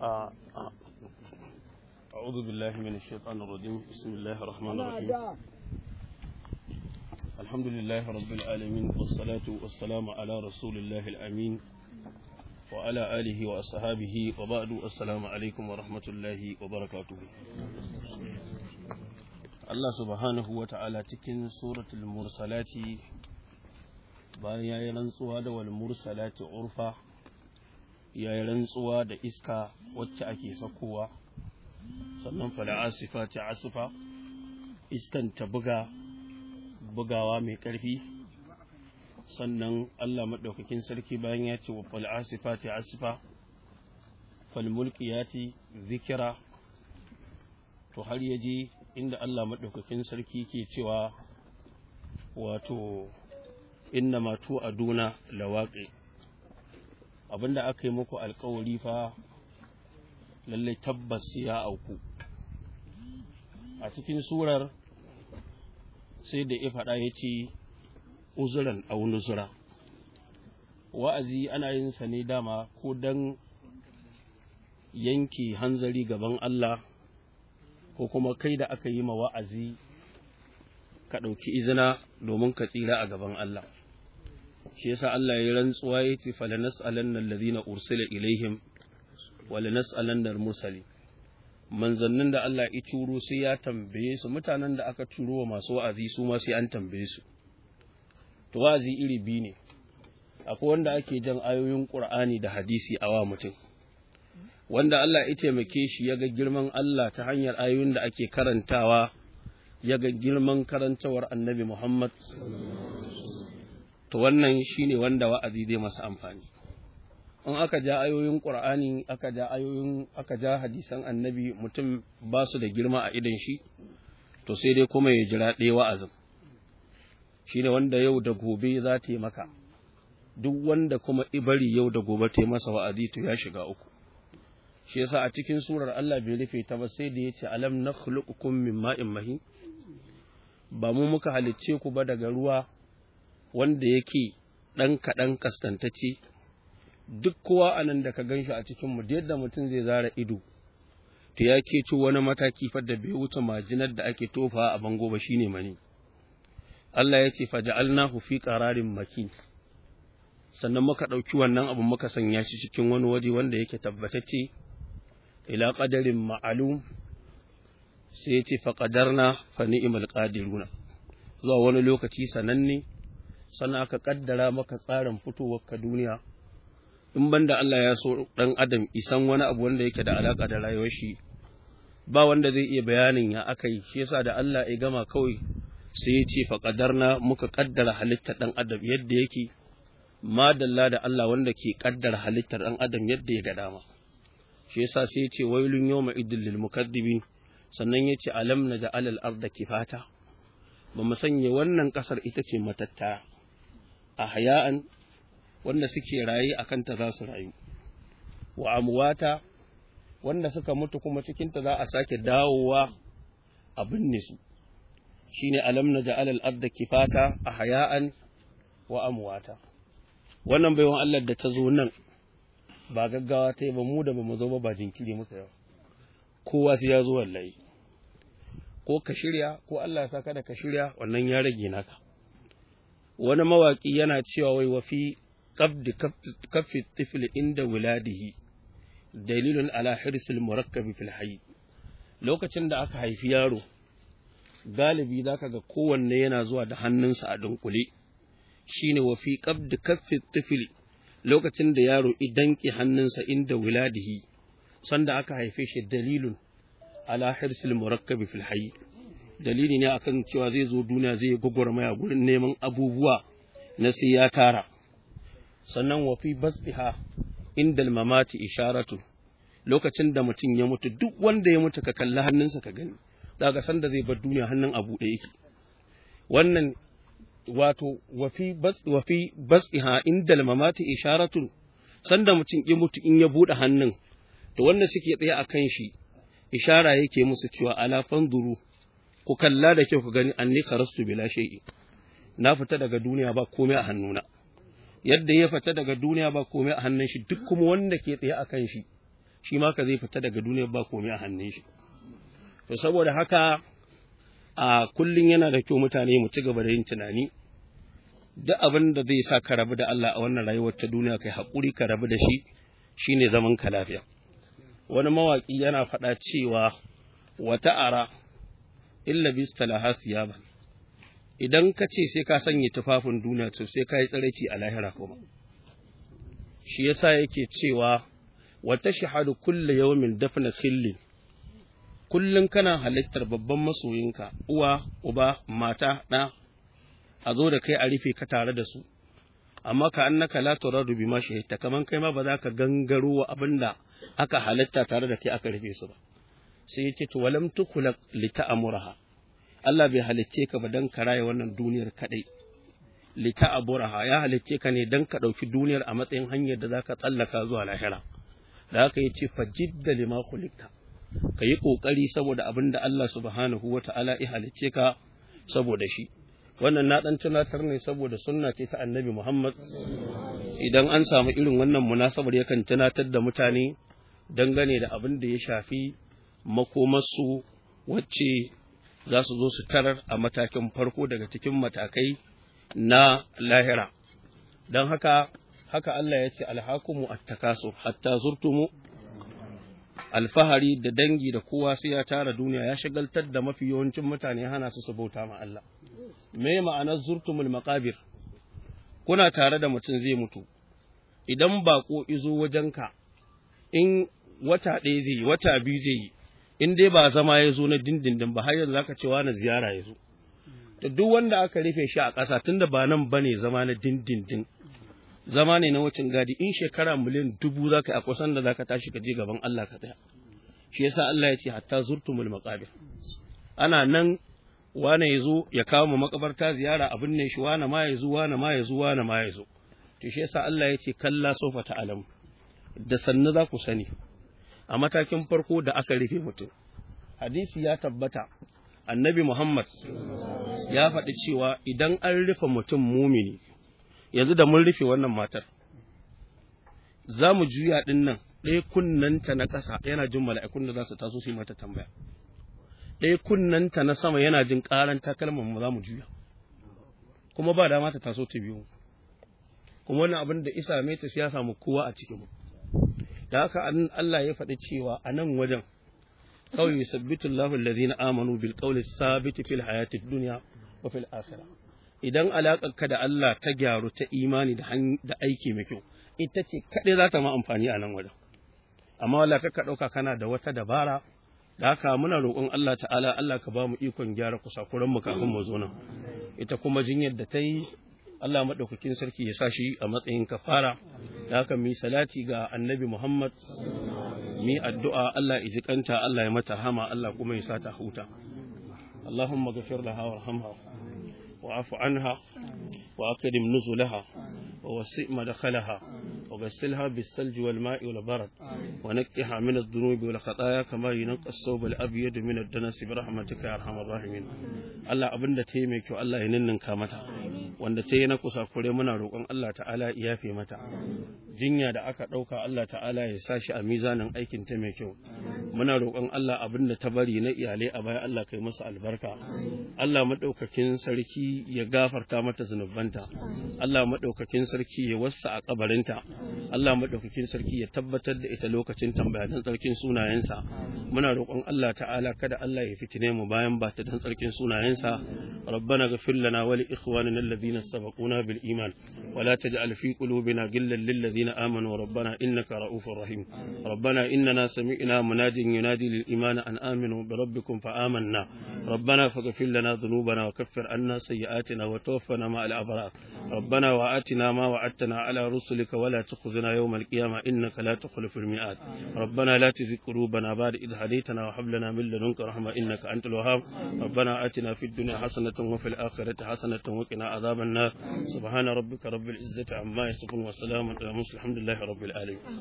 آه آه. أعوذ بالله من الشيطان الرجيم بسم الله الرحمن الرحيم الحمد لله رب العالمين والصلاة والسلام على رسول الله الأمين وعلى آله وأصحابه وبعد السلام عليكم ورحمة الله وبركاته الله سبحانه وتعالى تكن سورة المرسلات بايا ينصوها والمرسلات عرفا yayin rantsuwa da iska wacce ake sakowa sannan fada asifa ta asifa iskan ta buga bugawa mai ƙarfi sannan Allah maɗaukakin sarki bayan ya ce wa asifa ta asifa fal mulkiyati zikira to har ya je inda Allah maɗaukakin sarki ke cewa wato inna ma tu aduna lawaƙi abinda aka yi muku alkawari fa lallai tabbas ya auku a cikin surar sai da ya faɗa ya ce uzuran aunuzura wa'azi ana yin sa ne dama ko don yanke hanzari gaban Allah ko kuma kai da aka yi ma wa'azi ka ɗauki izina domin ka tsira a gaban Allah shi yasa Allah ya rantsuwa ya ce falanas'alanna alladhina ursila ilaihim walanas'alanna al Mursali. manzannin da Allah ya turo sai ya tambaye su mutanen da aka turo wa masu wa'azi su ma sai an tambaye su to wa'azi iri biyu ne akwai wanda ake jan ayoyin Qur'ani da hadisi a wa mutum wanda Allah ya taimake shi ya ga girman Allah ta hanyar ayoyin da ake karantawa ya ga girman karantawar Annabi Muhammad to wannan shi ne wanda wa'azi zai masa amfani in aka ja ayoyin qur'ani aka ja ayoyin aka ja hadisan annabi mutum ba su da girma a idan shi to sai dai kuma ya jira ɗaya wa'azin ne wanda yau da gobe za ta yi maka duk wanda kuma ibari yau da gobe ta yi masa wa'azi to ya shiga uku shi yasa a cikin surar Allah bai rufe ta ba sai da yace alam nakhluqukum min ma'in mahin ba mu muka halicce ku ba daga ruwa wanda yake ɗan kaɗan kaskantacce duk kowa a nan da ka gan shi a cikin da yadda mutum zai zara ido to ya ke ci wani mataki fadda bai wuce majinar da ake tofa a bango ba shine mani Allah ya ce faja'alnahu fi qararin makin sannan muka ɗauki wannan abu muka sanya shi cikin wani waje wanda yake tabbatacce ila qadarin ma'alum sai ya ce fa ƙadarna fa ni'mal qadiruna zuwa wani lokaci sananne sannan aka kaddara maka tsarin fitowar ka duniya in banda Allah ya so dan adam isan wani abu wanda yake da alaka da rayuwar shi ba wanda zai iya bayanin ya akai shi yasa da Allah ya gama kawai sai ya ce faqadarna muka kaddara halittar dan adam yadda yake madalla da Allah wanda ke kaddara halittar dan adam yadda ya ga dama shi yasa sai ya ce wailun yawma idil lil mukaddibin sannan ya ce alam na da alal arda kifata ba mu sanya wannan kasar ita ce matattaya A haya'an, wanda suke raye akan ta za su rayu wa amwata wanda suka mutu kuma cikinta za a sake dawowa abin nisu, shi shine alam naj'al al-ardha kifata ahya'an wa amwata wannan baiwan Allah da ta zo nan ba gaggawa ta yi ba mu da ba mu zo ba ba jinkiri muka yau kowa sai ya zo wallahi ko ka shirya ko Allah ya saka da ka shirya wannan ya rage naka wani mawaƙi yana cewa wai wafi qabdi kaffi tifl inda wuladihi dalilun ala hirsil murakkabi fil hayy lokacin da aka haifi yaro galibi zaka ga kowanne yana zuwa da hannunsa a dunkule shine wafi qabdi kaffi tifl lokacin da yaro idanki hannunsa inda wuladihi sanda aka haife shi dalilun ala hirsil murakkabi fil hayy dalili ne akan cewa zai zo duniya zai gwagwarmaya gurin neman abubuwa na sai ya tara sannan wafi basbiha inda mamati isharatu lokacin da mutum ya mutu duk wanda ya mutu ka kalli hannunsa ka gani daga da zai bar duniya hannun a buɗe yake wannan wato wafi wafi basbiha inda mamati isharatu sanda mutum ya mutu in ya buɗe hannun to wanda suke tsaye akan shi ishara yake musu cewa ala fanzuru ku kalla da kyau ku gani anni karastu bila shay'i na fita daga duniya ba komai a hannuna yadda ya fita daga duniya ba komai a hannun shi duk kuma wanda ke tsaye a kan shi shi ma ka zai fita daga duniya ba komai a hannun shi to saboda haka a kullun yana da kyau mutane mu ci gaba da yin tunani duk abin da zai sa ka rabu da Allah a wannan rayuwar ta duniya kai haƙuri ka rabu da shi shine zaman ka lafiya wani mawaki yana faɗa cewa wata ara illa bis laha ba. idan ka ce sai ka sanya tufafin duniya to sai ka yi tsaraici a lahira kuma shi yasa yake cewa wata shahadu kulle yawmin dafna khillin kullum kana halittar babban masoyinka uwa uba mata ɗa a zo da kai a rufe ka tare da su amma ka annaka la turadu bima shahidta kaman kai ma ba za ka gangaro wa abinda aka halitta tare da kai aka rufe su ba sai ya ce to walam tukhlaq li ta'muraha Allah bai halicce ka ba dan ka raye wannan duniyar kadai li ta'buraha ya halicce ka ne dan ka dauki duniyar a matsayin hanyar da zaka tsallaka zuwa lahira da haka yace fajidda lima khuliqta kayi kokari saboda abinda Allah subhanahu wata'ala ya halicce ka saboda shi wannan na dan tunatar ne saboda sunna ce ta Annabi Muhammad idan an samu irin wannan munasabar yakan tunatar da mutane dangane da abin da ya shafi makomarsu wacce za su zo su tarar a matakin farko daga cikin matakai na lahira don haka haka Allah ya ce alhakumu attakasu hatta zurtumu alfahari da dangi da kowa sai ya tara duniya ya shagaltar da mafi yawancin mutane hana su su bauta ma Allah me ma'anar zurtumul maqabir kuna tare da mutum zai mutu idan bako izo wajenka in wata ɗaya zai yi wata biyu zai yi in dai ba zama ya zo na dindindin ba har yanzu zaka ce wani ziyara ya zo to duk wanda aka rufe shi a ƙasa tunda ba nan bane zama na dindindin zama ne na wucin gadi in shekara miliyan dubu zaka yi a kusan da zaka tashi ka je gaban Allah ka tsaya shi yasa Allah ya ce hatta zurtumul maqabir ana nan wane ya zo ya kawo mu makabarta ziyara abin ne shi wane ma ya zo wane ma ya zo wane ma ya zo to shi yasa Allah ya ce kalla sofa ta alam da sannu za ku sani a matakin farko da aka rufe mutum hadisi ya tabbata annabi Muhammad ya faɗi cewa idan an rufe mutum mumini yanzu da mun rufe wannan matar za mu juya ɗin nan ɗaya kunnanta na ƙasa yana jin mala'ikun da za su taso su yi mata tambaya ɗaya kunnanta na sama yana jin ƙaran takalman mu za mu juya kuma ba dama ta taso ta biyu kuma wani abin da isa mai ta siyasa mu kowa a cikin mu da haka an Allah ya faɗi cewa a nan wajen kawai lafin da zina amanu bil qawli sabiti fil hayatid duniya wa fil Idan idan ka da Allah ta gyaru ta imani da aiki mai kyau ita ce kaɗai za ta ma amfani a nan wajen amma wala ka ɗauka kana da wata dabara da haka muna roƙon Allah ta'ala Allah ka ba mu ikon gyara kusakuran mu kafin mu zo nan ita kuma jinyar da ta yi Allah maɗaukakin sarki ya sa shi a matsayin kafara haka mi salati ga annabi Muhammad mi addu'a Allah ya jikanta Allah ya mata rahama Allah kuma ya sata huta Allahumma ghafir laha warhamha wa'fu anha wa akrim nuzulaha wa wasi madakhalaha wa ghassilha bis salj wal ma'i wal barad wa nakkiha min ad dunubi wal khataaya kama yunqqa as-sawb al abyad min ad danas bi rahmatika ya arhamar rahimin Allah abinda te mai kyau Allah ya ninninka mata wanda ta yi na kusa kusakure muna roƙon Allah ta'ala ya fi mata jinya da aka ɗauka Allah ta'ala ya sa shi a mizanin aikin ta mai kyau muna roƙon Allah abin da ta bari na iyalai a baya Allah kai masa albarka Allah maɗaukakin sarki ya gafarta mata zunubanta Allah maɗaukakin sarki ya wassa a kabarinta Allah maɗaukakin sarki ya tabbatar da ita lokacin tambaya don tsarkin sunayensa muna roƙon Allah ta'ala kada Allah ya fitine mu bayan ba ta don tsarkin sunayensa ربنا اغفر لنا na الذين سبقونا بالإيمان ولا تجعل في قلوبنا غلا للذين آمنوا ربنا إنك رؤوف رحيم ربنا إننا سمعنا منادي ينادي للإيمان أن آمنوا بربكم فآمنا ربنا فاغفر لنا ذنوبنا وكفر عنا سيئاتنا وتوفنا مع الأبرار ربنا وآتنا ما وعدتنا على رسلك ولا تخزنا يوم القيامة إنك لا تخلف الميعاد ربنا لا تزغ قلوبنا بعد إذ هديتنا وهب لنا من لدنك رحمة إنك أنت الوهاب ربنا آتنا في الدنيا حسنة وفي الآخرة حسنة وقنا عذاب عذاب النار سبحان ربك رب العزة عما يصفون وسلام على المرسلين الحمد لله رب العالمين